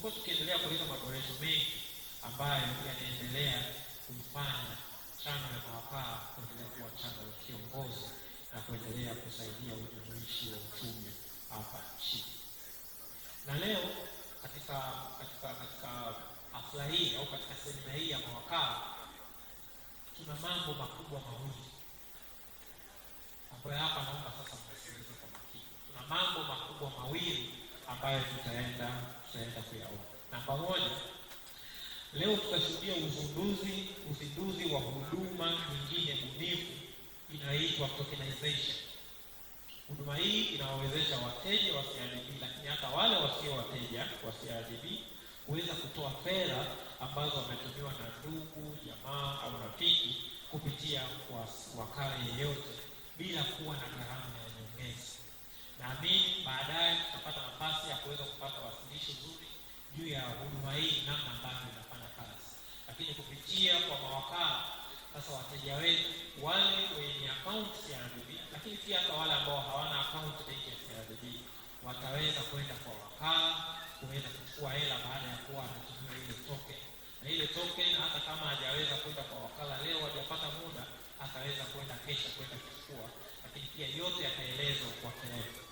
tumekuwa tukiendelea kuleta maboresho mengi ambayo yanaendelea kumfanya chama ya Mawakala kuendelea kuwa chama ya kiongozi na kuendelea kusaidia ujumuishi wa uchumi hapa nchini. Na leo katika katika katika hafla hii au katika semina hii ya mawakala tuna mambo makubwa mawili ambayo hapa naomba sasa msikilize kwa makini. Tuna mambo makubwa mawili ambayo tutaenda tunaenda kuyaona. Namba moja, leo tutashuhudia uzinduzi uzinduzi wa huduma nyingine bunifu inaitwa tokenization. Huduma hii inawawezesha wateja wa CRDB, lakini hata wale wasio wateja wa CRDB kuweza kutoa fedha ambazo wametumiwa na ndugu, jamaa au rafiki kupitia kwa wakala yeyote bila kuwa na gharama ya nyongezi Naamini baadaye tutapata nafasi ya kuweza kupata wasilisho ya huduma hii, namna ambavyo inafanya kazi, lakini kupitia kwa mawakala sasa wateja wetu wale wenye akaunti ya lakini pia hata wale ambao hawana akaunti benki ya RDB wataweza kwenda kwa wakala kuweza kuchukua hela baada ya kuwa anatumia ile token, na ile token hata kama hajaweza kwenda kwa wakala leo, wajapata muda, ataweza kwenda kesha kwenda kuchukua, lakini pia yote yataelezwa kwa kirefu.